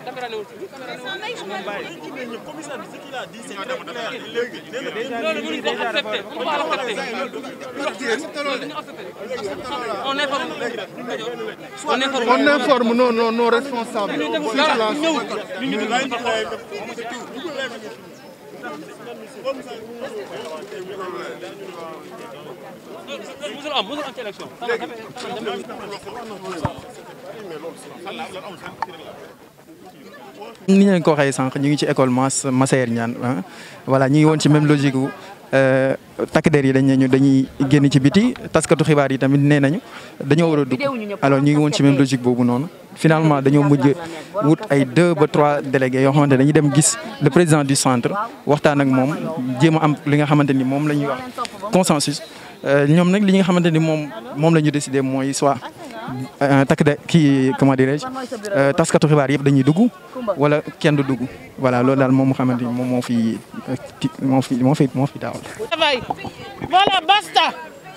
commissaire bi ce qu'il a dit c'est très clair léegi loolu mënuñ ko accepter on va l'accepter on informe non non non responsable sur place ni ñu leen ko waxee sànq ñu ngi ci école Mass Massaër Niane ah. voilà ñu ngi woon ci même logique wu euh, takk der yi dañ ne ñu dañuy génn ci biti taskatu xibaar yi tamit nee nañu dañoo war a dugg alors ñu ngi woon ci même logique boobu noonu. finalement dañoo mujj wut ay deux ba trois délégués yoo xamante dañuy dem gis le président du centre waxtaan ak moom jéem a am li nga xamante ni moom la ñuy wax consensus euh, ñoom nag li nga xamante ni moom moom la ñu décidé mooy soit. Euh, euh, takk de kii comment dirais euh, taskatu xibaar yëpp dañuy dugg wala kenn du dugg voilà loolu daal moom mu xamante ni moom moo fi moo fi moo fi moo fi voilà basta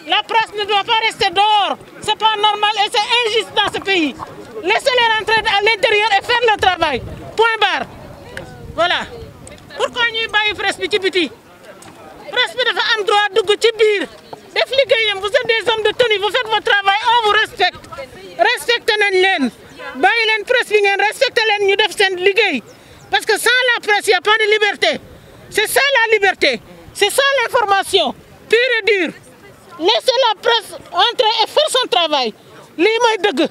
la presse ne doit pas rester pas normal et c'est injuste dans ce pays laissez-les rentrer à l'intérieur et faire le travail point barre voilà pourquoi ñuy bàyyi presse bi presse bi dafa am droit ci biir def liggéeyam vous êtes des hommes de tenue vous faites de liberté. C'est la liberté. C'est ça l'information. Pure et dure. Laissez la presse entrer et faire son travail. lii mooy dëgg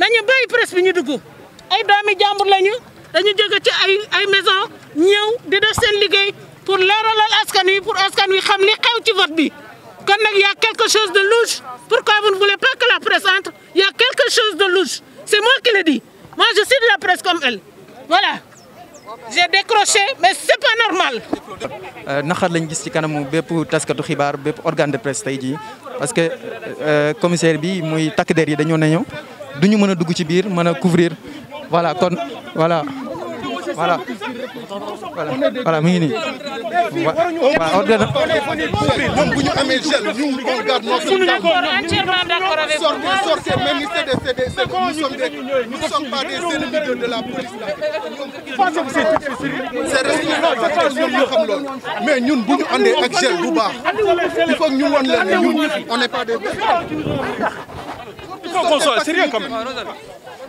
nañu bàyyi presse bi ñu dugg ay doomi jàmbur lañu dañu jóge ci ay ay maison ñëw di def seen liggéey pour leeralal askan wi pour askan wi xam li xew ci vote bi kon nag y a quelque chose de louche pourquoi vous ne voulez pas que la presse entre y a chose de louche c'est moi qui le dis la presse comme elle voilà j'ai décroché mais c'est pas normal. Euh, naxar lañ gis ci kanamu bépp taskatu xibaar bépp organe de presse tey jii parce que euh, euh, commissaire bi muy takk der yi dañoo ne ñëw du ñu mën a dugg ci biir mën a couvrir voilà kon voilà. voilà voilà mi ngi nii. voilà ordre na. même bu ñu amee gel ñu on garde notre calme. sortez sortez même si c'est des c'est des nous sommes des nous sommes pas des ennemis de la police c'est respectable ñoom ñu xam loolu mais ñun bu ñu andee ak gel bu baax il faut que ñu won leen ne ñun on n'est pas des. il faut qu'on soit sérieux quand même.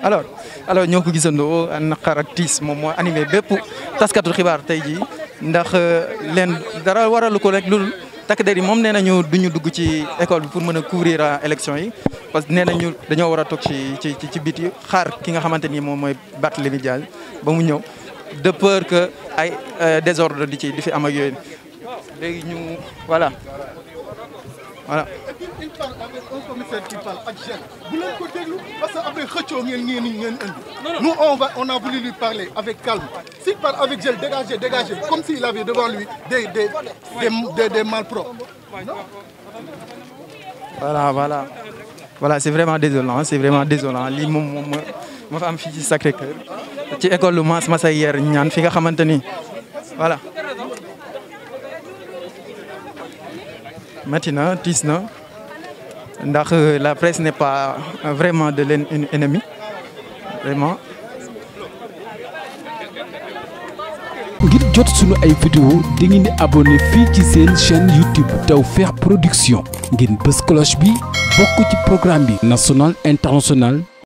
alors alors ñoo ko gisandoo naqar ak tiis moom moo animé bépp taskatu xibaar tey jii ndax euh, leen dara waralu ko rek loolu takk der yi moom nee nañu du ñu dugg ci école bi pour mën a couvrir euh, élection yi parce que nee nañu dañoo war a toog ci ci ci biti xaar ki nga xamante ni moom mooy Barthélémy Dias ba mu ñëw de peur que ay euh, désordre di ci di fi am ak yooyu léegi ñu voilà il parle avec un commissaire qui parle ak gêne bu ko déglu parce que après xëccoo ngeen ngeen ngeen indi on a voulu lui parler avec calme s'il parle avec gêne dégagez comme s'il avait devant lui des des voilà voilà c'est vraiment désolant c'est vraiment désolant lii moom moom ma fa am fii ci ci école lu Mass Massayer ñaan fi nga xamante ni voilà métti na ndax euh, la presse n'est pas vraiment de l'ennemi vraiment. ngir jot sunu ay vidéo di ngeen di abonné fii ci seen chaîne YouTube Tawfekh Production ngir bës cloche bi bokk ci programme bi national international.